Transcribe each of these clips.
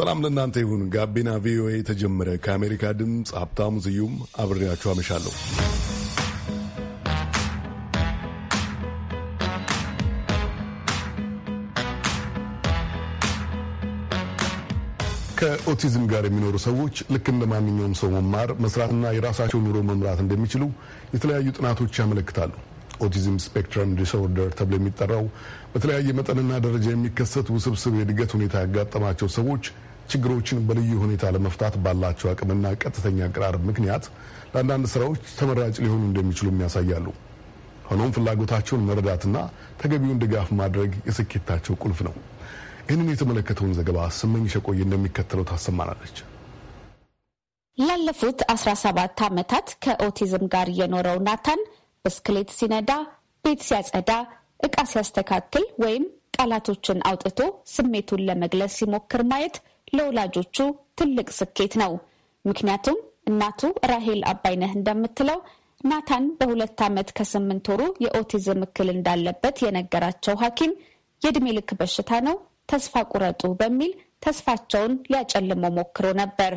ሰላም ለእናንተ ይሁን። ጋቢና ቪኦኤ የተጀመረ ከአሜሪካ ድምፅ ሀብታሙ ስዩም አብሬያችሁ አመሻለሁ። ከኦቲዝም ጋር የሚኖሩ ሰዎች ልክ እንደ ማንኛውም ሰው መማር፣ መስራትና የራሳቸው ኑሮ መምራት እንደሚችሉ የተለያዩ ጥናቶች ያመለክታሉ። ኦቲዝም ስፔክትረም ዲስኦርደር ተብሎ የሚጠራው በተለያየ መጠንና ደረጃ የሚከሰት ውስብስብ የእድገት ሁኔታ ያጋጠማቸው ሰዎች ችግሮችን በልዩ ሁኔታ ለመፍታት ባላቸው አቅምና ቀጥተኛ አቀራረብ ምክንያት ለአንዳንድ ስራዎች ተመራጭ ሊሆኑ እንደሚችሉ ያሳያሉ። ሆኖም ፍላጎታቸውን መረዳትና ተገቢውን ድጋፍ ማድረግ የስኬታቸው ቁልፍ ነው። ይህንን የተመለከተውን ዘገባ ስመኝሽ ቆየ እንደሚከተለው ታሰማናለች። ላለፉት 17 ዓመታት ከኦቲዝም ጋር የኖረው ናታን ብስክሌት ሲነዳ፣ ቤት ሲያጸዳ፣ እቃ ሲያስተካክል ወይም ቃላቶችን አውጥቶ ስሜቱን ለመግለጽ ሲሞክር ማየት ለወላጆቹ ትልቅ ስኬት ነው። ምክንያቱም እናቱ ራሄል አባይነህ እንደምትለው ናታን በሁለት ዓመት ከስምንት ወሩ የኦቲዝም እክል እንዳለበት የነገራቸው ሐኪም የእድሜ ልክ በሽታ ነው፣ ተስፋ ቁረጡ በሚል ተስፋቸውን ሊያጨልሞ ሞክሮ ነበር።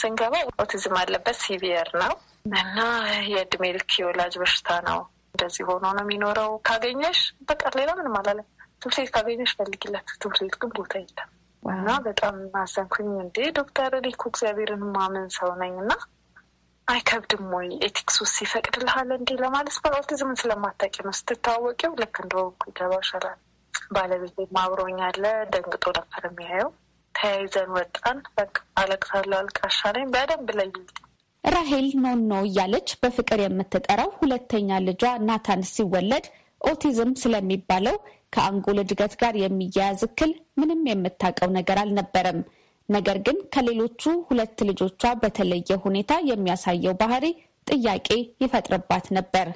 ስንገባ ኦቲዝም አለበት፣ ሲቪየር ነው እና የእድሜ ልክ የወላጅ በሽታ ነው። እንደዚህ ሆኖ ነው የሚኖረው። ካገኘሽ በቃ ሌላ ምንም አላለም። ትምህርት ቤት ካገኘሽ ፈልጊለት። ትምህርት ቤት ግን ቦታ የለም እና በጣም አዘንኩኝ። እንዴ ዶክተር ሪኩ እግዚአብሔርን ማምን ሰው ነኝ እና አይከብድም ወይ ኤቲክስ ውስጥ ይፈቅድልሃል እንዲ ለማለት በኦቲዝምን ስለማታውቂ ነው። ስትታወቂው ልክ እንደ ይገባው ይሻላል። ባለቤቴ አብሮኝ ያለ ደንግጦ ነበር የሚያየው። ተያይዘን ወጣን። በቃ አለቅሳለሁ፣ አልቃሻ ነኝ በደንብ ለይ ራሄል ኖኖ እያለች በፍቅር የምትጠራው ሁለተኛ ልጇ ናታን ሲወለድ ኦቲዝም ስለሚባለው ከአንጎል እድገት ጋር የሚያያዝ እክል ምንም የምታውቀው ነገር አልነበረም። ነገር ግን ከሌሎቹ ሁለት ልጆቿ በተለየ ሁኔታ የሚያሳየው ባህሪ ጥያቄ ይፈጥርባት ነበር።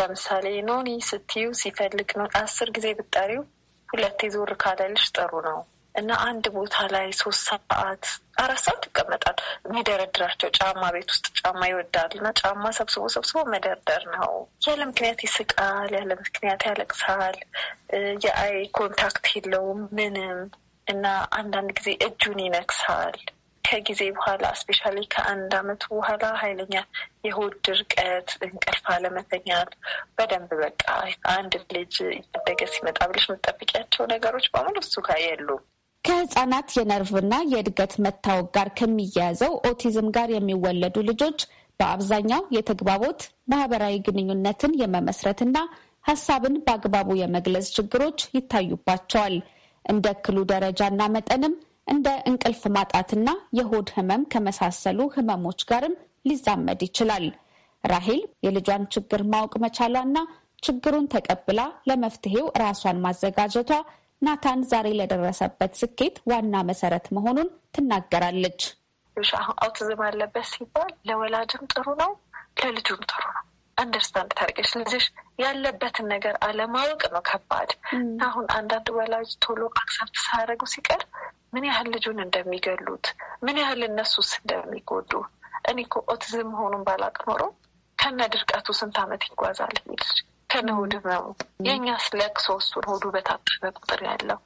ለምሳሌ ኖኒ ስትዩ ሲፈልግ ነው አስር ጊዜ ብጠሪው ሁለቴ ዞር ካለልሽ ጥሩ ነው እና አንድ ቦታ ላይ ሶስት ሰዓት አራት ሰዓት ይቀመጣል። የሚደረድራቸው ጫማ ቤት ውስጥ ጫማ ይወዳል እና ጫማ ሰብስቦ ሰብስቦ መደርደር ነው። ያለ ምክንያት ይስቃል፣ ያለ ምክንያት ያለቅሳል። የአይ ኮንታክት የለውም ምንም እና አንዳንድ ጊዜ እጁን ይነክሳል። ከጊዜ በኋላ እስፔሻሊ ከአንድ አመት በኋላ ኃይለኛ የሆድ ድርቀት፣ እንቅልፍ አለመተኛት በደንብ በቃ አንድ ልጅ እያደገ ሲመጣ ብለሽ የምትጠብቂያቸው ነገሮች በሙሉ እሱ ጋር የሉም። ከህጻናት የነርቭና የእድገት መታወቅ ጋር ከሚያያዘው ኦቲዝም ጋር የሚወለዱ ልጆች በአብዛኛው የተግባቦት ማህበራዊ ግንኙነትን የመመስረትና ሀሳብን በአግባቡ የመግለጽ ችግሮች ይታዩባቸዋል። እንደ እክሉ ደረጃና መጠንም እንደ እንቅልፍ ማጣትና የሆድ ህመም ከመሳሰሉ ህመሞች ጋርም ሊዛመድ ይችላል። ራሄል የልጇን ችግር ማወቅ መቻሏና ችግሩን ተቀብላ ለመፍትሄው ራሷን ማዘጋጀቷ ናታን ዛሬ ለደረሰበት ስኬት ዋና መሰረት መሆኑን ትናገራለች። አውቲዝም አለበት ሲባል ለወላጅም ጥሩ ነው፣ ለልጁም ጥሩ ነው። አንደርስታንድ ታርጌች ልጅሽ ያለበትን ነገር አለማወቅ ነው ከባድ። አሁን አንዳንድ ወላጅ ቶሎ አክሰፕት ሳያደርጉ ሲቀር ምን ያህል ልጁን እንደሚገሉት፣ ምን ያህል እነሱስ እንደሚጎዱ እኔ እኮ ኦቲዝም መሆኑን ባላቅ ኖሮ ከነ ድርቀቱ ስንት ዓመት ይጓዛል ልጅ ከነሆድ ነው የእኛ ለቅሶ እሱን ሆዱ በታጠበ ቁጥር ያለው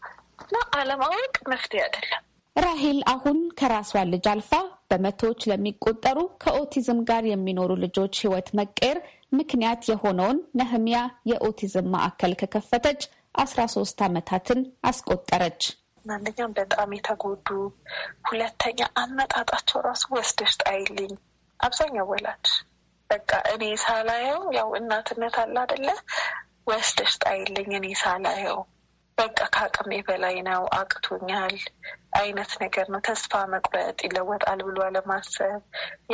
እና አለማወቅ መፍትሄ አይደለም። ራሄል አሁን ከራሷ ልጅ አልፋ በመቶዎች ለሚቆጠሩ ከኦቲዝም ጋር የሚኖሩ ልጆች ህይወት መቀየር ምክንያት የሆነውን ነህሚያ የኦቲዝም ማዕከል ከከፈተች አስራ ሶስት ዓመታትን አስቆጠረች። አንደኛም በጣም የተጎዱ ሁለተኛ አመጣጣቸው ራሱ ወስደሽ ጣይልኝ አብዛኛው ወላጅ በቃ እኔ ሳላየው ያው እናትነት አለ አደለ ወስደሽ ጣይልኝ እኔ ሳላየው በቃ ከአቅሜ በላይ ነው፣ አቅቶኛል አይነት ነገር ነው። ተስፋ መቁረጥ ይለወጣል ብሎ አለማሰብ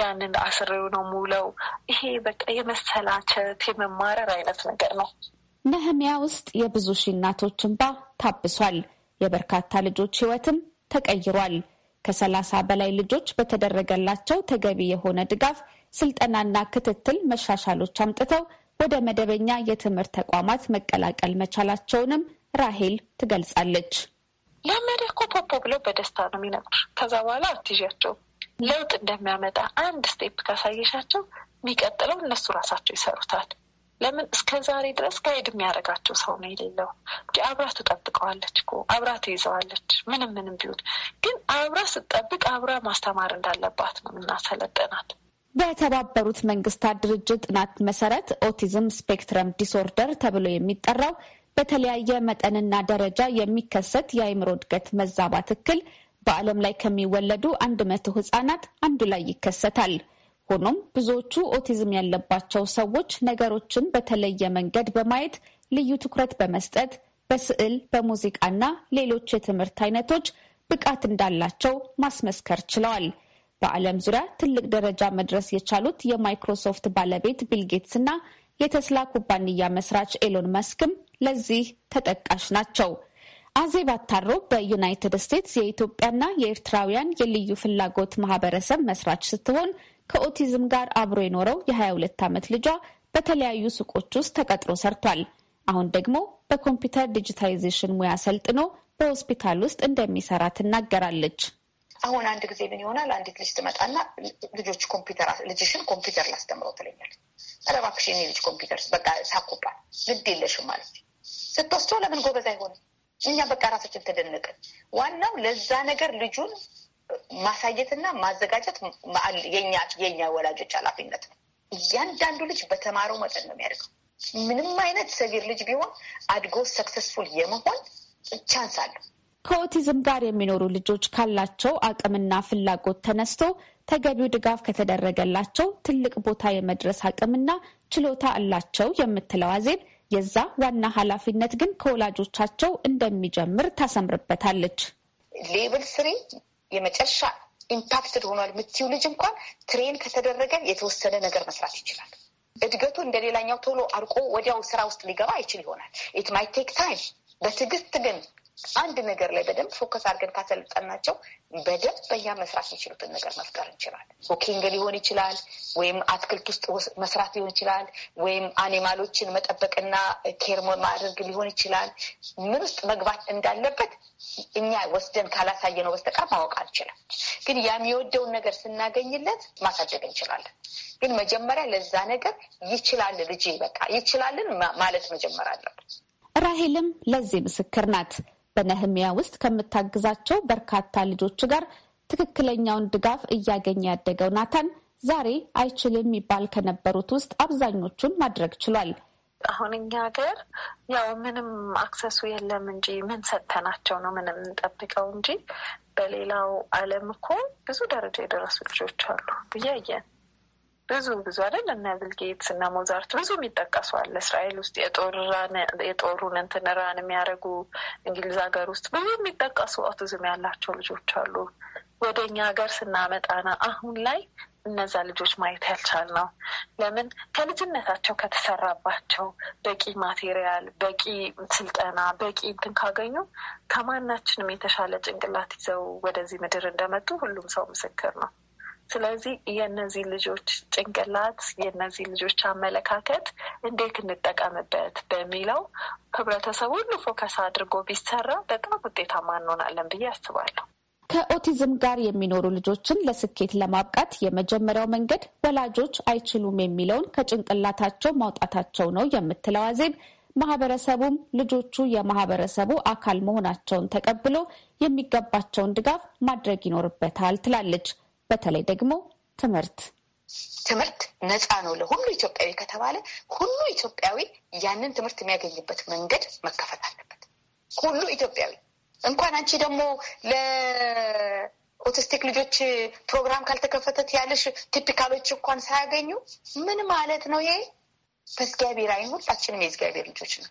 ያንን አስሬው ነው ሙለው። ይሄ በቃ የመሰላቸት የመማረር አይነት ነገር ነው። ነህሚያ ውስጥ የብዙ ሺህ እናቶች እንባ ታብሷል። የበርካታ ልጆች ህይወትም ተቀይሯል። ከሰላሳ በላይ ልጆች በተደረገላቸው ተገቢ የሆነ ድጋፍ ስልጠናና ክትትል መሻሻሎች አምጥተው ወደ መደበኛ የትምህርት ተቋማት መቀላቀል መቻላቸውንም ራሄል ትገልጻለች። ለመሪያ እኮ ፖፖ ብለው በደስታ ነው የሚነግሩ። ከዛ በኋላ አትይዣቸው ለውጥ እንደሚያመጣ አንድ ስቴፕ ካሳየሻቸው የሚቀጥለው እነሱ ራሳቸው ይሰሩታል። ለምን እስከ ዛሬ ድረስ ጋይድ የሚያደርጋቸው ሰው ነው የሌለው እ አብራ ትጠብቀዋለች እኮ አብራ ትይዘዋለች። ምንም ምንም ቢሆን ግን አብራ ስጠብቅ አብራ ማስተማር እንዳለባት ነው እናሰለጠናት። በተባበሩት መንግስታት ድርጅት ጥናት መሰረት ኦቲዝም ስፔክትረም ዲስኦርደር ተብሎ የሚጠራው በተለያየ መጠንና ደረጃ የሚከሰት የአይምሮ እድገት መዛባት እክል በዓለም ላይ ከሚወለዱ አንድ መቶ ህጻናት አንዱ ላይ ይከሰታል። ሆኖም ብዙዎቹ ኦቲዝም ያለባቸው ሰዎች ነገሮችን በተለየ መንገድ በማየት ልዩ ትኩረት በመስጠት በስዕል፣ በሙዚቃና ሌሎች የትምህርት አይነቶች ብቃት እንዳላቸው ማስመስከር ችለዋል። በዓለም ዙሪያ ትልቅ ደረጃ መድረስ የቻሉት የማይክሮሶፍት ባለቤት ቢልጌትስ እና የተስላ ኩባንያ መስራች ኤሎን መስክም ለዚህ ተጠቃሽ ናቸው። አዜብ አታሮ በዩናይትድ ስቴትስ የኢትዮጵያና የኤርትራውያን የልዩ ፍላጎት ማህበረሰብ መስራች ስትሆን ከኦቲዝም ጋር አብሮ የኖረው የ22 ዓመት ልጇ በተለያዩ ሱቆች ውስጥ ተቀጥሮ ሰርቷል። አሁን ደግሞ በኮምፒውተር ዲጂታይዜሽን ሙያ ሰልጥኖ በሆስፒታል ውስጥ እንደሚሰራ ትናገራለች። አሁን አንድ ጊዜ ምን ይሆናል፣ አንዲት ልጅ ትመጣና ልጆች ኮምፒውተር ልጅሽን ኮምፒውተር ላስተምረው ትለኛል። ኧረ እባክሽ የኔ ልጅ ኮምፒውተር በቃ ሳኩባል ልድ የለሽም ማለት ስትወስቶ ለምን ጎበዝ አይሆንም? እኛ በቃ ራሳችን ተደነቅን። ዋናው ለዛ ነገር ልጁን ማሳየትና ማዘጋጀት የኛ ወላጆች ኃላፊነት ነው። እያንዳንዱ ልጅ በተማረው መጠን ነው የሚያደርገው። ምንም አይነት ሰቪር ልጅ ቢሆን አድጎ ሰክሰስፉል የመሆን ቻንስ አለው። ከኦቲዝም ጋር የሚኖሩ ልጆች ካላቸው አቅምና ፍላጎት ተነስቶ ተገቢው ድጋፍ ከተደረገላቸው ትልቅ ቦታ የመድረስ አቅምና ችሎታ አላቸው የምትለው አዜብ የዛ ዋና ኃላፊነት ግን ከወላጆቻቸው እንደሚጀምር ታሰምርበታለች። ሌብል ስሪ የመጨረሻ ኢምፓክትድ ሆኗል የምትይው ልጅ እንኳን ትሬን ከተደረገ የተወሰነ ነገር መስራት ይችላል። እድገቱ እንደሌላኛው ቶሎ አርቆ ወዲያው ስራ ውስጥ ሊገባ አይችል ይሆናል። ኢት ማይ ቴክ ታይም። በትዕግስት ግን አንድ ነገር ላይ በደንብ ፎከስ አድርገን ካሰለጠናቸው በደንብ በኛ መስራት የሚችሉትን ነገር መፍጠር እንችላል። ኮኪንግ ሊሆን ይችላል፣ ወይም አትክልት ውስጥ መስራት ሊሆን ይችላል፣ ወይም አኒማሎችን መጠበቅና ኬር ማድረግ ሊሆን ይችላል። ምን ውስጥ መግባት እንዳለበት እኛ ወስደን ካላሳየ ነው በስተቀር ማወቅ አልችልም። ግን ያ የሚወደውን ነገር ስናገኝለት ማሳደግ እንችላለን። ግን መጀመሪያ ለዛ ነገር ይችላል ልጅ በቃ ይችላልን ማለት መጀመር አለብን። ራሄልም ለዚህ ምስክር ናት። በነህሚያ ውስጥ ከምታግዛቸው በርካታ ልጆች ጋር ትክክለኛውን ድጋፍ እያገኘ ያደገው ናታን ዛሬ አይችልም የሚባል ከነበሩት ውስጥ አብዛኞቹን ማድረግ ችሏል። አሁን እኛ ሀገር ያው ምንም አክሰሱ የለም እንጂ ምን ሰጥተናቸው ነው ምንም እንጠብቀው እንጂ በሌላው ዓለም እኮ ብዙ ደረጃ የደረሱ ልጆች አሉ ብያየን ብዙ ብዙ አይደል እነ ቢልጌትስ እና ሞዛርት ብዙ የሚጠቀሱ አለ። እስራኤል ውስጥ የጦሩን እንትን ራን የሚያደርጉ እንግሊዝ ሀገር ውስጥ ብዙ የሚጠቀሱ ኦቲዝም ያላቸው ልጆች አሉ። ወደ እኛ ሀገር ስናመጣና አሁን ላይ እነዛ ልጆች ማየት ያልቻል ነው። ለምን ከልጅነታቸው ከተሰራባቸው በቂ ማቴሪያል፣ በቂ ስልጠና፣ በቂ እንትን ካገኙ ከማናችንም የተሻለ ጭንቅላት ይዘው ወደዚህ ምድር እንደመጡ ሁሉም ሰው ምስክር ነው። ስለዚህ የእነዚህ ልጆች ጭንቅላት የእነዚህ ልጆች አመለካከት እንዴት እንጠቀምበት በሚለው ህብረተሰቡ ሁሉ ፎከስ አድርጎ ቢሰራ በጣም ውጤታማ እንሆናለን ብዬ አስባለሁ። ከኦቲዝም ጋር የሚኖሩ ልጆችን ለስኬት ለማብቃት የመጀመሪያው መንገድ ወላጆች አይችሉም የሚለውን ከጭንቅላታቸው ማውጣታቸው ነው የምትለው አዜብ ማህበረሰቡም ልጆቹ የማህበረሰቡ አካል መሆናቸውን ተቀብሎ የሚገባቸውን ድጋፍ ማድረግ ይኖርበታል ትላለች። በተለይ ደግሞ ትምህርት ትምህርት ነፃ ነው ለሁሉ ኢትዮጵያዊ ከተባለ ሁሉ ኢትዮጵያዊ ያንን ትምህርት የሚያገኝበት መንገድ መከፈት አለበት። ሁሉ ኢትዮጵያዊ እንኳን አንቺ ደግሞ ለኦቲስቲክ ልጆች ፕሮግራም ካልተከፈተት ያለሽ ቲፒካሎች እንኳን ሳያገኙ ምን ማለት ነው ይሄ? በእግዚአብሔር አይን ሁላችንም የእግዚአብሔር ልጆች ነው።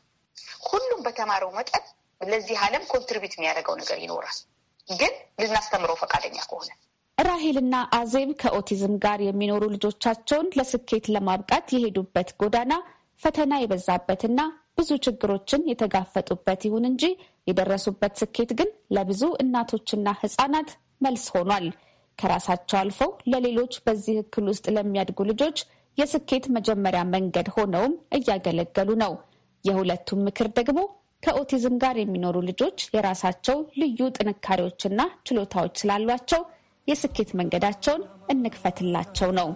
ሁሉም በተማረው መጠን ለዚህ ዓለም ኮንትሪቢዩት የሚያደርገው ነገር ይኖራል። ግን ልናስተምረው ፈቃደኛ ከሆነ ራሄልና አዜብ ከኦቲዝም ጋር የሚኖሩ ልጆቻቸውን ለስኬት ለማብቃት የሄዱበት ጎዳና ፈተና የበዛበትና ብዙ ችግሮችን የተጋፈጡበት ይሁን እንጂ የደረሱበት ስኬት ግን ለብዙ እናቶችና ሕጻናት መልስ ሆኗል። ከራሳቸው አልፈው ለሌሎች በዚህ እክል ውስጥ ለሚያድጉ ልጆች የስኬት መጀመሪያ መንገድ ሆነውም እያገለገሉ ነው። የሁለቱም ምክር ደግሞ ከኦቲዝም ጋር የሚኖሩ ልጆች የራሳቸው ልዩ ጥንካሬዎችና ችሎታዎች ስላሏቸው የስኬት መንገዳቸውን እንክፈትላቸው ነው።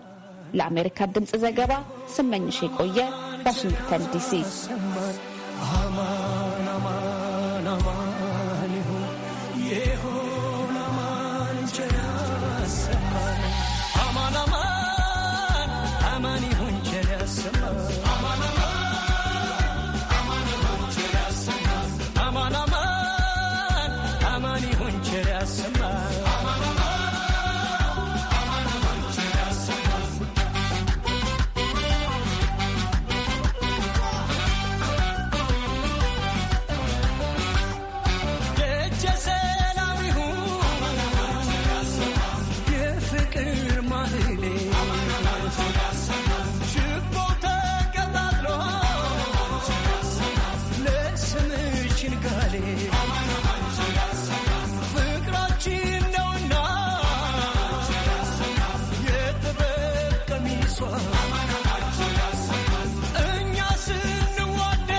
ለአሜሪካ ድምፅ ዘገባ ስመኝሽ የቆየ ዋሽንግተን ዲሲ። ፍቅራችን ነውና እኛ ስንዋደ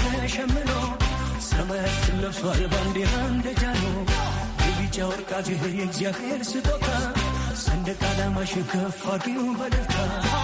ከላይ ተሸምኖ ሰማያት ለብሷል ባንዲራ እንደ ጃኖ የቢጫ ወርቃ የእግዚአብሔር ስጦታ Under kadam ashuk, forty umbalka.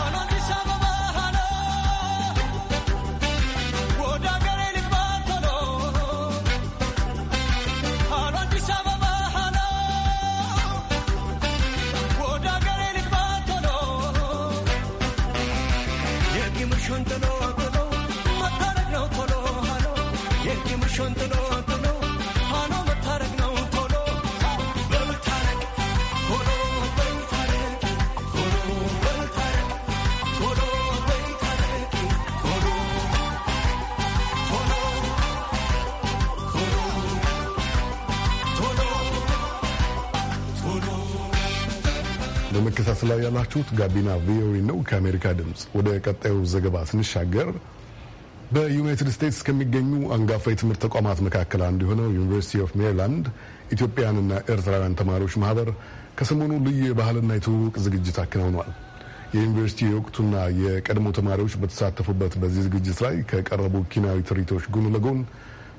በመከታተል ላይ ያላችሁት ጋቢና ቪኦኤ ነው ከአሜሪካ ድምፅ። ወደ ቀጣዩ ዘገባ ስንሻገር በዩናይትድ ስቴትስ ከሚገኙ አንጋፋ የትምህርት ተቋማት መካከል አንዱ የሆነው ዩኒቨርሲቲ ኦፍ ሜሪላንድ ኢትዮጵያውያንና ኤርትራውያን ተማሪዎች ማህበር ከሰሞኑ ልዩ የባህልና የትውውቅ ዝግጅት አከናውኗል። የዩኒቨርሲቲ የወቅቱና የቀድሞ ተማሪዎች በተሳተፉበት በዚህ ዝግጅት ላይ ከቀረቡ ኪናዊ ትርኢቶች ጎን ለጎን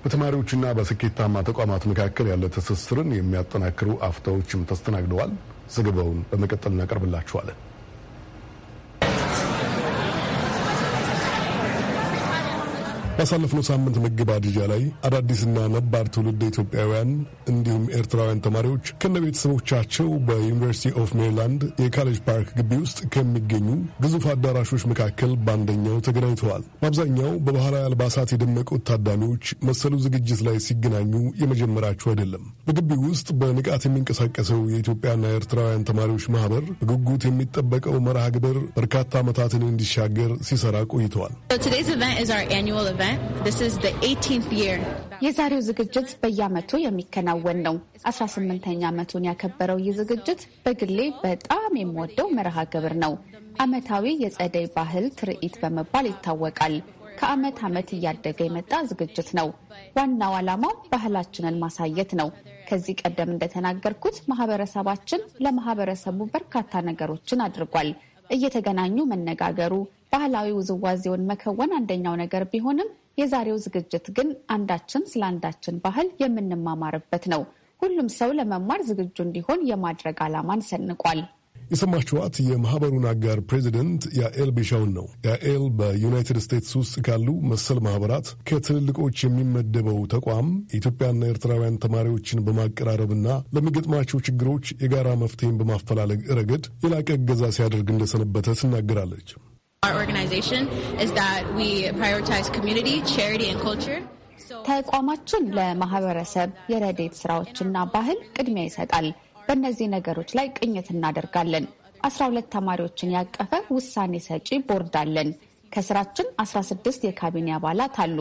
በተማሪዎችና በስኬታማ ተቋማት መካከል ያለ ትስስርን የሚያጠናክሩ አፍታዎችም ተስተናግደዋል። ዘገባውን በመቀጠል እናቀርብላችኋለን። ባሳለፍነው ሳምንት መገባደጃ ላይ አዳዲስና ነባር ትውልድ ኢትዮጵያውያን እንዲሁም ኤርትራውያን ተማሪዎች ከነ ቤተሰቦቻቸው በዩኒቨርሲቲ ኦፍ ሜሪላንድ የካሌጅ ፓርክ ግቢ ውስጥ ከሚገኙ ግዙፍ አዳራሾች መካከል በአንደኛው ተገናኝተዋል። በአብዛኛው በባህላዊ አልባሳት የደመቁት ታዳሚዎች መሰሉ ዝግጅት ላይ ሲገናኙ የመጀመራቸው አይደለም። በግቢ ውስጥ በንቃት የሚንቀሳቀሰው የኢትዮጵያና ኤርትራውያን ተማሪዎች ማህበር በጉጉት የሚጠበቀው መርሃ ግብር በርካታ ዓመታትን እንዲሻገር ሲሰራ ቆይተዋል። የዛሬው ዝግጅት በየዓመቱ የሚከናወን ነው። 18ኛ ዓመቱን ያከበረው ይህ ዝግጅት በግሌ በጣም የምወደው መርሃ ግብር ነው። ዓመታዊ የጸደይ ባህል ትርኢት በመባል ይታወቃል። ከዓመት ዓመት እያደገ የመጣ ዝግጅት ነው። ዋናው ዓላማው ባህላችንን ማሳየት ነው። ከዚህ ቀደም እንደተናገርኩት ማህበረሰባችን ለማህበረሰቡ በርካታ ነገሮችን አድርጓል። እየተገናኙ መነጋገሩ፣ ባህላዊ ውዝዋዜውን መከወን አንደኛው ነገር ቢሆንም የዛሬው ዝግጅት ግን አንዳችን ስለ አንዳችን ባህል የምንማማርበት ነው። ሁሉም ሰው ለመማር ዝግጁ እንዲሆን የማድረግ ዓላማን ሰንቋል። የሰማችኋት የማህበሩን አጋር ፕሬዚደንት ያኤል ቢሻውን ነው። ያኤል በዩናይትድ ስቴትስ ውስጥ ካሉ መሰል ማህበራት ከትልልቆች የሚመደበው ተቋም የኢትዮጵያና ኤርትራውያን ተማሪዎችን በማቀራረብና ለሚገጥማቸው ችግሮች የጋራ መፍትሄን በማፈላለግ ረገድ የላቀ እገዛ ሲያደርግ እንደሰነበተ ትናገራለች። ተቋማችን ለማህበረሰብ የረዴት ስራዎችና ባህል ቅድሚያ ይሰጣል። በእነዚህ ነገሮች ላይ ቅኝት እናደርጋለን። 12 ተማሪዎችን ያቀፈ ውሳኔ ሰጪ ቦርድ አለን። ከስራችን 16 የካቢኔ አባላት አሉ።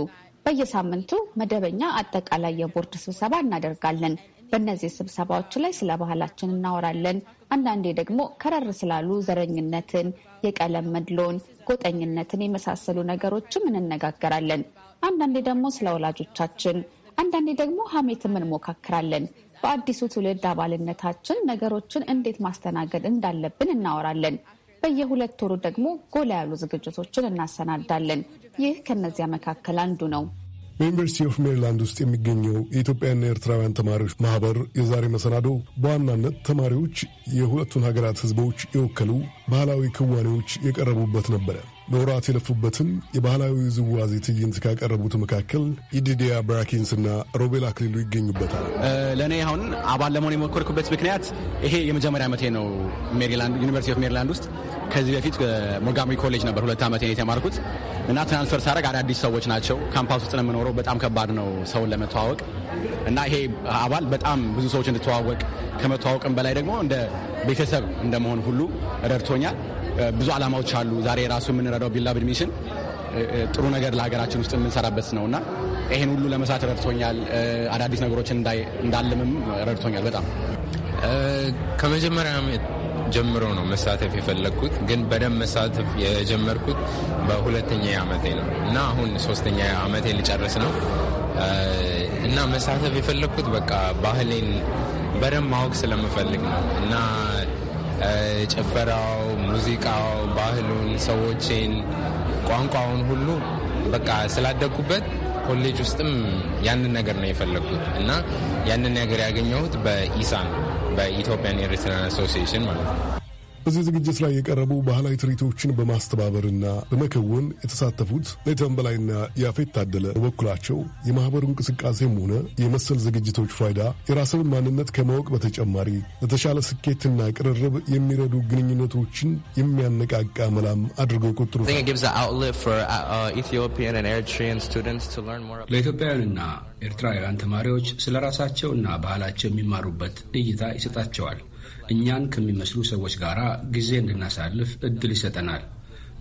በየሳምንቱ መደበኛ አጠቃላይ የቦርድ ስብሰባ እናደርጋለን። በእነዚህ ስብሰባዎች ላይ ስለ ባህላችን እናወራለን። አንዳንዴ ደግሞ ከረር ስላሉ ዘረኝነትን፣ የቀለም መድሎን፣ ጎጠኝነትን የመሳሰሉ ነገሮችም እንነጋገራለን። አንዳንዴ ደግሞ ስለ ወላጆቻችን፣ አንዳንዴ ደግሞ ሀሜትም እንሞካክራለን። በአዲሱ ትውልድ አባልነታችን ነገሮችን እንዴት ማስተናገድ እንዳለብን እናወራለን። በየሁለት ወሩ ደግሞ ጎላ ያሉ ዝግጅቶችን እናሰናዳለን። ይህ ከነዚያ መካከል አንዱ ነው። በዩኒቨርሲቲ ኦፍ ሜሪላንድ ውስጥ የሚገኘው የኢትዮጵያና ኤርትራውያን ተማሪዎች ማህበር የዛሬ መሰናዶ በዋናነት ተማሪዎች የሁለቱን ሀገራት ሕዝቦች የወከሉ ባህላዊ ክዋኔዎች የቀረቡበት ነበረ። በወራት የለፉበትን የባህላዊ ውዝዋዜ ትዕይንት ካቀረቡት መካከል የዲዲያ ብራኪንስና ሮቤል አክሊሉ ይገኙበታል። ለእኔ አሁን አባል ለመሆን የሞከርኩበት ምክንያት ይሄ የመጀመሪያ ዓመቴ ነው ሜሪላንድ ዩኒቨርሲቲ ኦፍ ሜሪላንድ ውስጥ። ከዚህ በፊት ሞጋሚ ኮሌጅ ነበር ሁለት ዓመቴ የተማርኩት እና ትራንስፈር ሳደርግ አዳዲስ ሰዎች ናቸው። ካምፓስ ውስጥ ነው የምኖረው። በጣም ከባድ ነው ሰውን ለመተዋወቅ እና ይሄ አባል በጣም ብዙ ሰዎች እንድተዋወቅ ከመተዋወቅም በላይ ደግሞ እንደ ቤተሰብ እንደመሆን ሁሉ ረድቶኛል። ብዙ ዓላማዎች አሉ። ዛሬ ራሱ የምንረዳው ቢላብድ ሚሽን ጥሩ ነገር ለሀገራችን ውስጥ የምንሰራበት ነው እና ይህን ሁሉ ለመስራት ረድቶኛል። አዳዲስ ነገሮችን እንዳልምም ረድቶኛል በጣም ከመጀመሪያ ጀምሮ ነው መሳተፍ የፈለግኩት፣ ግን በደንብ መሳተፍ የጀመርኩት በሁለተኛ ዓመቴ ነው እና አሁን ሶስተኛ ዓመቴ ልጨርስ ነው እና መሳተፍ የፈለግኩት በቃ ባህሌን በደንብ ማወቅ ስለምፈልግ ነው እና ጭፈራው ሙዚቃው፣ ባህሉን፣ ሰዎችን፣ ቋንቋውን ሁሉ በቃ ስላደግኩበት ኮሌጅ ውስጥም ያንን ነገር ነው የፈለግኩት እና ያንን ነገር ያገኘሁት በኢሳን በኢትዮጵያን ኤርትራን አሶሲሽን ማለት ነው። በዚህ ዝግጅት ላይ የቀረቡ ባህላዊ ትርኢቶችን በማስተባበርና በመከወን የተሳተፉት ሌተን በላይና ያፌት ታደለ በበኩላቸው የማኅበሩ እንቅስቃሴም ሆነ የመሰል ዝግጅቶች ፋይዳ የራስን ማንነት ከማወቅ በተጨማሪ ለተሻለ ስኬትና ቅርርብ የሚረዱ ግንኙነቶችን የሚያነቃቃ መላም አድርገው ቆጥሩ uh, ለኢትዮጵያውያንና ኤርትራውያን ተማሪዎች ስለ ራሳቸውና ባህላቸው የሚማሩበት እይታ ይሰጣቸዋል። እኛን ከሚመስሉ ሰዎች ጋር ጊዜ እንድናሳልፍ እድል ይሰጠናል።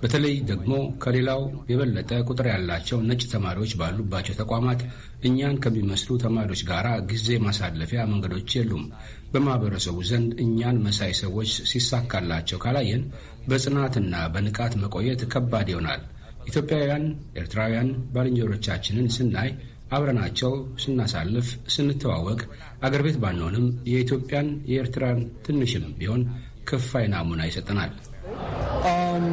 በተለይ ደግሞ ከሌላው የበለጠ ቁጥር ያላቸው ነጭ ተማሪዎች ባሉባቸው ተቋማት እኛን ከሚመስሉ ተማሪዎች ጋር ጊዜ ማሳለፊያ መንገዶች የሉም። በማህበረሰቡ ዘንድ እኛን መሳይ ሰዎች ሲሳካላቸው ካላየን በጽናትና በንቃት መቆየት ከባድ ይሆናል። ኢትዮጵያውያን፣ ኤርትራውያን ባልንጀሮቻችንን ስናይ አብረናቸው ስናሳልፍ ስንተዋወቅ አገር ቤት ባንሆንም የኢትዮጵያን የኤርትራን ትንሽም ቢሆን ክፋይ ናሙና ይሰጠናል። um,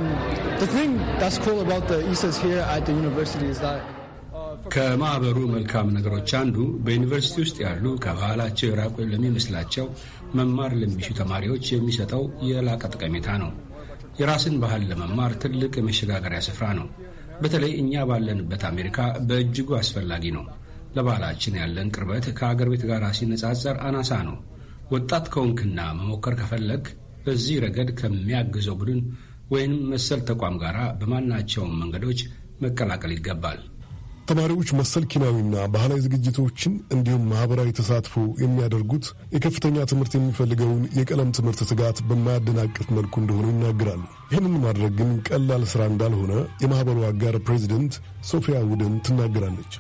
uh, ከማኅበሩ መልካም ነገሮች አንዱ በዩኒቨርሲቲ ውስጥ ያሉ ከባህላቸው የራቁ ለሚመስላቸው መማር ለሚሹ ተማሪዎች የሚሰጠው የላቀ ጠቀሜታ ነው። የራስን ባህል ለመማር ትልቅ የመሸጋገሪያ ስፍራ ነው። በተለይ እኛ ባለንበት አሜሪካ በእጅጉ አስፈላጊ ነው። ለባህላችን ያለን ቅርበት ከአገር ቤት ጋር ሲነጻጸር አናሳ ነው። ወጣት ከሆንክና መሞከር ከፈለግ በዚህ ረገድ ከሚያግዘው ቡድን ወይንም መሰል ተቋም ጋር በማናቸውም መንገዶች መቀላቀል ይገባል። ተማሪዎች መሰል ኪናዊና ባህላዊ ዝግጅቶችን እንዲሁም ማህበራዊ ተሳትፎ የሚያደርጉት የከፍተኛ ትምህርት የሚፈልገውን የቀለም ትምህርት ትጋት በማያደናቅፍ መልኩ እንደሆነ ይናገራሉ። ይህንን ማድረግ ግን ቀላል ስራ እንዳልሆነ የማህበሩ አጋር ፕሬዚደንት ሶፊያ ውደን ትናገራለች።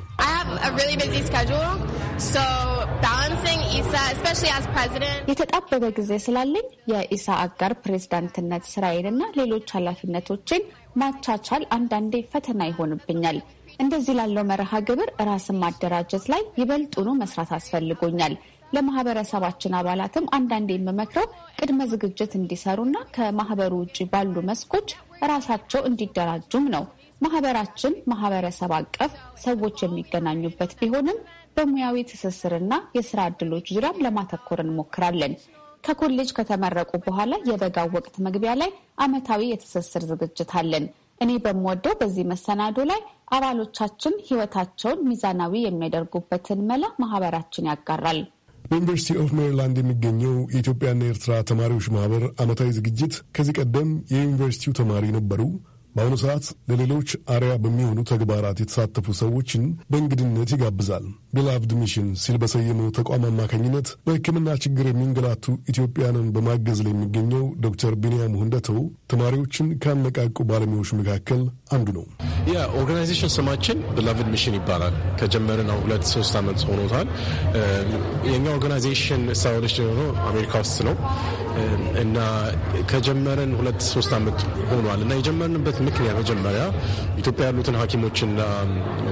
የተጣበበ ጊዜ ስላለኝ የኢሳ አጋር ፕሬዝዳንትነት ስራዬንና ሌሎች ኃላፊነቶችን ማቻቻል አንዳንዴ ፈተና ይሆንብኛል። እንደዚህ ላለው መርሃ ግብር ራስን ማደራጀት ላይ ይበልጡኑ መስራት አስፈልጎኛል። ለማህበረሰባችን አባላትም አንዳንድ የምመክረው ቅድመ ዝግጅት እንዲሰሩና ከማህበሩ ውጭ ባሉ መስኮች ራሳቸው እንዲደራጁም ነው። ማህበራችን ማህበረሰብ አቀፍ ሰዎች የሚገናኙበት ቢሆንም በሙያዊ ትስስርና የስራ ዕድሎች ዙሪያም ለማተኮር እንሞክራለን። ከኮሌጅ ከተመረቁ በኋላ የበጋው ወቅት መግቢያ ላይ አመታዊ የትስስር ዝግጅት አለን። እኔ በምወደው በዚህ መሰናዶ ላይ አባሎቻችን ህይወታቸውን ሚዛናዊ የሚያደርጉበትን መላ ማህበራችን ያጋራል። በዩኒቨርሲቲ ኦፍ ሜሪላንድ የሚገኘው የኢትዮጵያና ኤርትራ ተማሪዎች ማህበር ዓመታዊ ዝግጅት ከዚህ ቀደም የዩኒቨርሲቲው ተማሪ ነበሩ በአሁኑ ሰዓት ለሌሎች አርያ በሚሆኑ ተግባራት የተሳተፉ ሰዎችን በእንግድነት ይጋብዛል። ቢላቭድ ሚሽን ሲል በሰየመው ተቋም አማካኝነት በሕክምና ችግር የሚንገላቱ ኢትዮጵያንን በማገዝ ላይ የሚገኘው ዶክተር ቢንያም ሁንደተው ተማሪዎችን ካነቃቁ ባለሙያዎች መካከል አንዱ ነው። ኦርጋናይዜሽን ስማችን ቤላቭድ ሚሽን ይባላል። ከጀመርን አሁን ሁለት ሶስት ዓመት ሆኖታል። የኛ ኦርጋናይዜሽን ሳሆነች የሆነው አሜሪካ ውስጥ ነው እና ከጀመርን ሁለት ሶስት ዓመት ሆኗል እና የጀመርንበት ልክ በመጀመሪያ ኢትዮጵያ ያሉትን ሐኪሞችና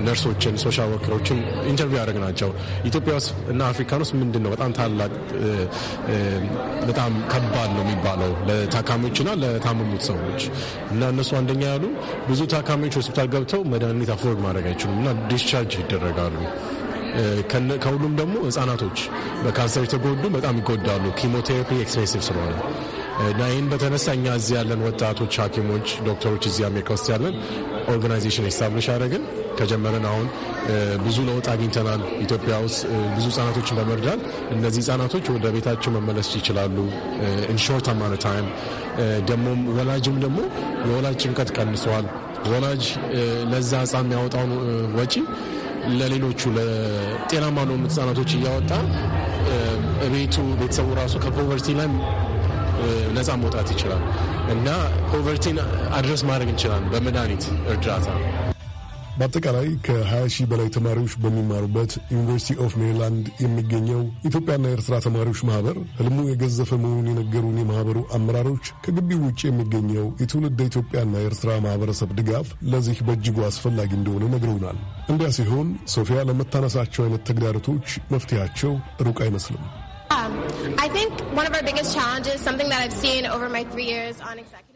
ነርሶችን፣ ሶሻል ወርከሮችን ኢንተርቪው ያደረግ ናቸው። ኢትዮጵያ ውስጥ እና አፍሪካን ውስጥ ምንድን ነው በጣም ታላቅ በጣም ከባድ ነው የሚባለው ለታካሚዎችና ለታመሙት ሰዎች እና እነሱ አንደኛ ያሉ ብዙ ታካሚዎች ሆስፒታል ገብተው መድኃኒት አፎርድ ማድረግ አይችሉም እና ዲስቻርጅ ይደረጋሉ። ከሁሉም ደግሞ ህጻናቶች በካንሰር የተጎዱ በጣም ይጎዳሉ፣ ኪሞቴራፒ ኤክስፔንሲቭ ስለሆነ እና ይህን በተነሳ እኛ እዚህ ያለን ወጣቶች፣ ሐኪሞች፣ ዶክተሮች እዚህ አሜሪካ ውስጥ ያለን ኦርጋናይዜሽን ኤስታብሊሽ አደረግን። ከጀመረን አሁን ብዙ ለውጥ አግኝተናል። ኢትዮጵያ ውስጥ ብዙ ህጻናቶችን በመርዳት እነዚህ ህጻናቶች ወደ ቤታቸው መመለስ ይችላሉ። ኢንሾርት አማነ ታይም ደግሞም ወላጅም ደግሞ የወላጅ ጭንቀት ቀንሰዋል። ወላጅ ለዛ ህጻን የሚያወጣውን ወጪ ለሌሎቹ ለጤናማ ለሆኑ ህጻናቶች እያወጣ ቤቱ ቤተሰቡ ራሱ ከፖቨርቲ ላይ ነፃ መውጣት ይችላል እና ፖቨርቲን አድረስ ማድረግ እንችላለን በመድኃኒት እርዳታ። በአጠቃላይ ከ20 ሺህ በላይ ተማሪዎች በሚማሩበት ዩኒቨርሲቲ ኦፍ ሜሪላንድ የሚገኘው ኢትዮጵያና ኤርትራ ተማሪዎች ማህበር ህልሙ የገዘፈ መሆኑን የነገሩን የማህበሩ አመራሮች ከግቢው ውጭ የሚገኘው የትውልድ ኢትዮጵያና ኤርትራ ማህበረሰብ ድጋፍ ለዚህ በእጅጉ አስፈላጊ እንደሆነ ነግረውናል። እንዲያ ሲሆን ሶፊያ ለመታነሳቸው አይነት ተግዳሮቶች መፍትሄያቸው ሩቅ አይመስልም። Um,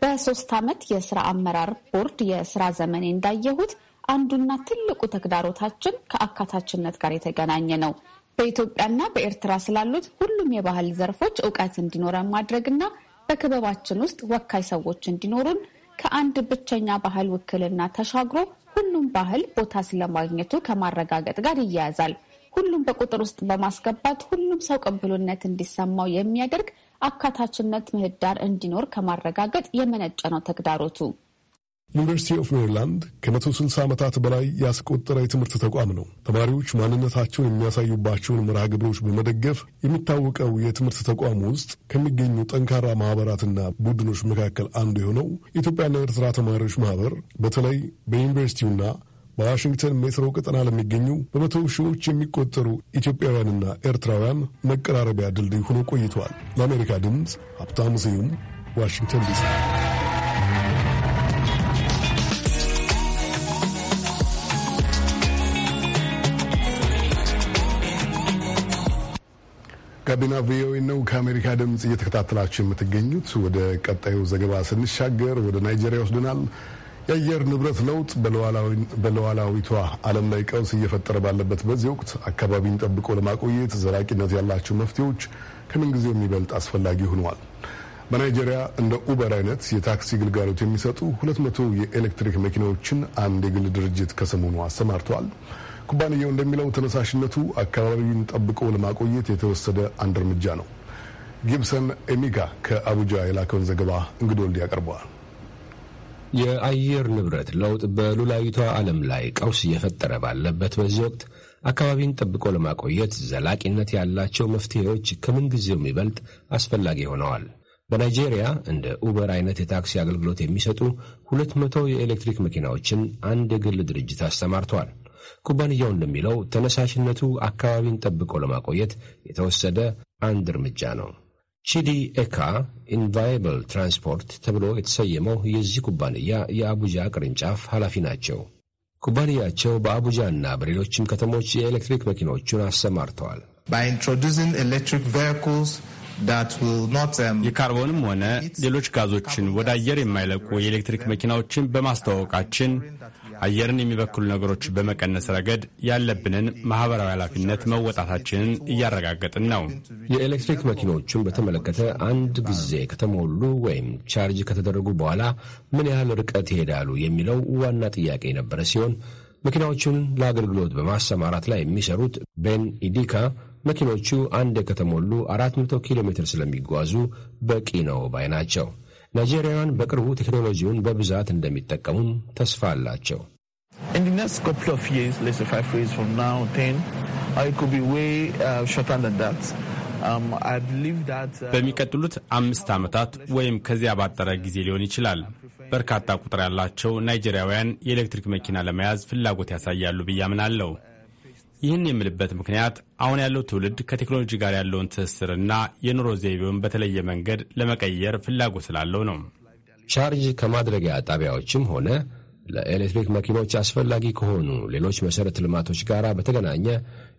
በሶስት ዓመት የስራ አመራር ቦርድ የስራ ዘመኔ እንዳየሁት አንዱና ትልቁ ተግዳሮታችን ከአካታችነት ጋር የተገናኘ ነው። በኢትዮጵያና በኤርትራ ስላሉት ሁሉም የባህል ዘርፎች እውቀት እንዲኖረን ማድረግና በክበባችን ውስጥ ወካይ ሰዎች እንዲኖሩን ከአንድ ብቸኛ ባህል ውክልና ተሻግሮ ሁሉም ባህል ቦታ ስለማግኘቱ ከማረጋገጥ ጋር ይያያዛል። ሁሉም በቁጥር ውስጥ በማስገባት ሁሉም ሰው ቅብሉነት እንዲሰማው የሚያደርግ አካታችነት ምህዳር እንዲኖር ከማረጋገጥ የመነጨ ነው ተግዳሮቱ። ዩኒቨርሲቲ ኦፍ ሜሪላንድ ከ160 ዓመታት በላይ ያስቆጠረ የትምህርት ተቋም ነው። ተማሪዎች ማንነታቸውን የሚያሳዩባቸውን መርሃ ግብሮች በመደገፍ የሚታወቀው የትምህርት ተቋም ውስጥ ከሚገኙ ጠንካራ ማህበራትና ቡድኖች መካከል አንዱ የሆነው የኢትዮጵያና ኤርትራ ተማሪዎች ማህበር በተለይ በዩኒቨርሲቲውና በዋሽንግተን ሜትሮ ቀጠና ለሚገኙ በመቶ ሺዎች የሚቆጠሩ ኢትዮጵያውያንና ኤርትራውያን መቀራረቢያ ድልድይ ሆኖ ቆይተዋል። ለአሜሪካ ድምፅ ሀብታሙ ስዩም ዋሽንግተን ዲሲ። ጋቢና ቪኦኤ ነው ከአሜሪካ ድምፅ እየተከታተላችሁ የምትገኙት። ወደ ቀጣዩ ዘገባ ስንሻገር ወደ ናይጄሪያ ወስደናል። የአየር ንብረት ለውጥ በለዋላዊቷ ዓለም ላይ ቀውስ እየፈጠረ ባለበት በዚህ ወቅት አካባቢን ጠብቆ ለማቆየት ዘላቂነት ያላቸው መፍትሄዎች ከምንጊዜው የሚበልጥ አስፈላጊ ሆነዋል። በናይጄሪያ እንደ ኡበር አይነት የታክሲ ግልጋሎት የሚሰጡ 200 የኤሌክትሪክ መኪናዎችን አንድ የግል ድርጅት ከሰሞኑ አሰማርተዋል። ኩባንያው እንደሚለው ተነሳሽነቱ አካባቢን ጠብቆ ለማቆየት የተወሰደ አንድ እርምጃ ነው። ጊብሰን ኤሚጋ ከአቡጃ የላከውን ዘገባ እንግዶልድ ያቀርበዋል። የአየር ንብረት ለውጥ በሉላዊቷ ዓለም ላይ ቀውስ እየፈጠረ ባለበት በዚህ ወቅት አካባቢን ጠብቆ ለማቆየት ዘላቂነት ያላቸው መፍትሄዎች ከምንጊዜውም ይበልጥ አስፈላጊ ሆነዋል። በናይጄሪያ እንደ ኡበር አይነት የታክሲ አገልግሎት የሚሰጡ ሁለት መቶ የኤሌክትሪክ መኪናዎችን አንድ የግል ድርጅት አሰማርተዋል። ኩባንያው እንደሚለው ተነሳሽነቱ አካባቢን ጠብቆ ለማቆየት የተወሰደ አንድ እርምጃ ነው። ቺዲ ኤካ ኢንቫይብል ትራንስፖርት ተብሎ የተሰየመው የዚህ ኩባንያ የአቡጃ ቅርንጫፍ ኃላፊ ናቸው። ኩባንያቸው በአቡጃ እና በሌሎችም ከተሞች የኤሌክትሪክ መኪኖቹን አሰማርተዋል። By introducing electric vehicles, Um, የካርቦንም ሆነ ሌሎች ጋዞችን ወደ አየር የማይለቁ የኤሌክትሪክ መኪናዎችን በማስተዋወቃችን አየርን የሚበክሉ ነገሮች በመቀነስ ረገድ ያለብንን ማህበራዊ ኃላፊነት መወጣታችንን እያረጋገጥን ነው። የኤሌክትሪክ መኪናዎችን በተመለከተ አንድ ጊዜ ከተሞሉ ወይም ቻርጅ ከተደረጉ በኋላ ምን ያህል ርቀት ይሄዳሉ የሚለው ዋና ጥያቄ የነበረ ሲሆን መኪናዎቹን ለአገልግሎት በማሰማራት ላይ የሚሰሩት ቤን ኢዲካ መኪኖቹ አንድ ከተሞሉ 400 ኪሎ ሜትር ስለሚጓዙ በቂ ነው ባይ ናቸው። ናይጄሪያውያን በቅርቡ ቴክኖሎጂውን በብዛት እንደሚጠቀሙም ተስፋ አላቸው። uh, um, uh, በሚቀጥሉት አምስት ዓመታት ወይም ከዚያ ባጠረ ጊዜ ሊሆን ይችላል። በርካታ ቁጥር ያላቸው ናይጄሪያውያን የኤሌክትሪክ መኪና ለመያዝ ፍላጎት ያሳያሉ ብዬ አምናለሁ። ይህን የምልበት ምክንያት አሁን ያለው ትውልድ ከቴክኖሎጂ ጋር ያለውን ትስስርና የኑሮ ዘይቤውን በተለየ መንገድ ለመቀየር ፍላጎት ስላለው ነው። ቻርጅ ከማድረጊያ ጣቢያዎችም ሆነ ለኤሌክትሪክ መኪኖች አስፈላጊ ከሆኑ ሌሎች መሠረተ ልማቶች ጋር በተገናኘ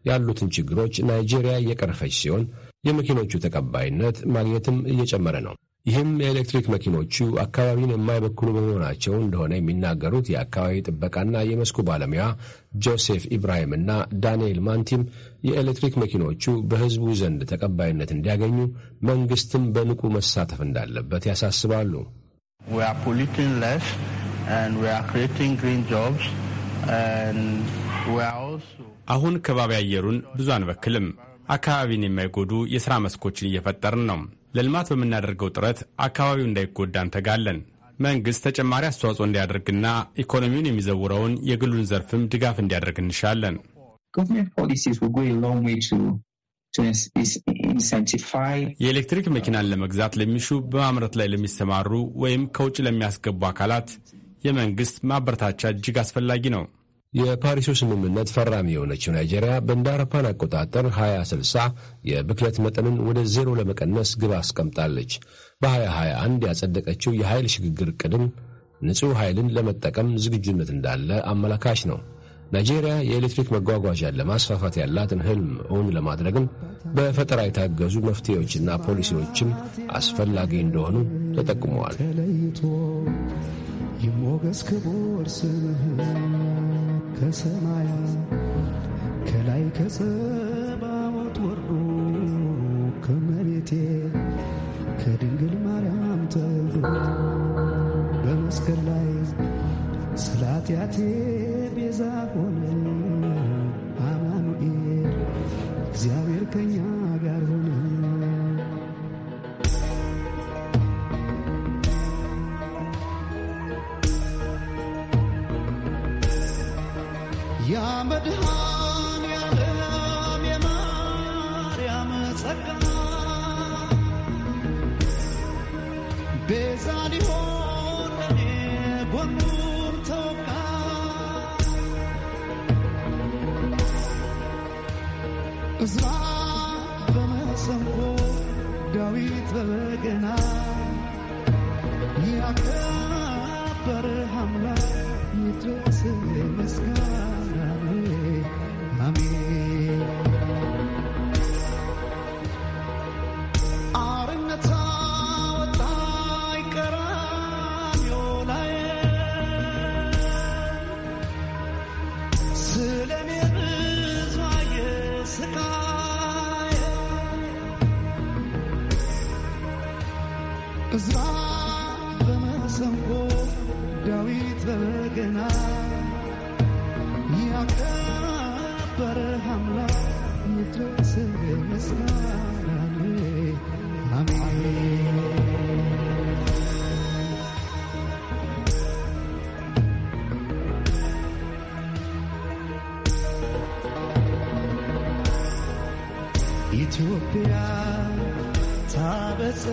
ያሉትን ችግሮች ናይጄሪያ እየቀረፈች ሲሆን የመኪኖቹ ተቀባይነት ማግኘትም እየጨመረ ነው። ይህም የኤሌክትሪክ መኪኖቹ አካባቢን የማይበክሉ በመሆናቸው እንደሆነ የሚናገሩት የአካባቢ ጥበቃና የመስኩ ባለሙያ ጆሴፍ ኢብራሂም እና ዳንኤል ማንቲም የኤሌክትሪክ መኪኖቹ በሕዝቡ ዘንድ ተቀባይነት እንዲያገኙ መንግስትም በንቁ መሳተፍ እንዳለበት ያሳስባሉ። አሁን ከባቢ አየሩን ብዙ አንበክልም። አካባቢን የማይጎዱ የሥራ መስኮችን እየፈጠርን ነው። ለልማት በምናደርገው ጥረት አካባቢው እንዳይጎዳ እንተጋለን። መንግሥት ተጨማሪ አስተዋጽኦ እንዲያደርግና ኢኮኖሚውን የሚዘውረውን የግሉን ዘርፍም ድጋፍ እንዲያደርግ እንሻለን። የኤሌክትሪክ መኪናን ለመግዛት ለሚሹ በማምረት ላይ ለሚሰማሩ ወይም ከውጭ ለሚያስገቡ አካላት የመንግሥት ማበረታቻ እጅግ አስፈላጊ ነው። የፓሪሱ ስምምነት ፈራሚ የሆነችው ናይጄሪያ በእንደ አውሮፓን አቆጣጠር 2060 የብክለት መጠንን ወደ ዜሮ ለመቀነስ ግብ አስቀምጣለች። በ2021 ያጸደቀችው የኃይል ሽግግር ቅድም ንጹሕ ኃይልን ለመጠቀም ዝግጁነት እንዳለ አመላካች ነው። ናይጄሪያ የኤሌክትሪክ መጓጓዣን ለማስፋፋት ያላትን ህልም እውን ለማድረግም በፈጠራ የታገዙ መፍትሄዎችና ፖሊሲዎችም አስፈላጊ እንደሆኑ ተጠቁመዋል። ይሞገስ ክቡር ከሰማያ ከላይ ከጸባዖት ወርዶ ከመቤቴ ከድንግል ማርያም ተብሎ በመስቀል ላይ ስለ ኃጢአቴ ቤዛ ሆነ አማኑኤል እግዚአብሔር ከኛ good home. ኢትዮጵያ ታበሰ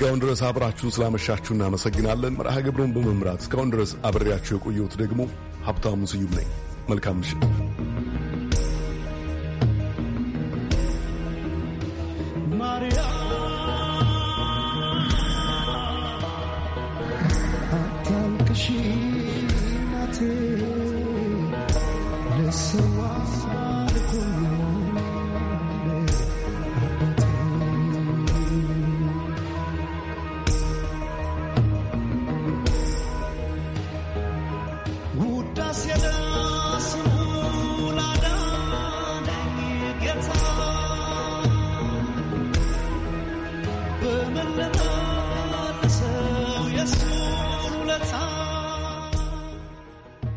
እስካሁን ድረስ አብራችሁን ስላመሻችሁ እናመሰግናለን። መርሃ ግብሩን በመምራት እስካሁን ድረስ አብሬያችሁ የቆየሁት ደግሞ ሀብታሙ ስዩም ነኝ። መልካም ምሽት።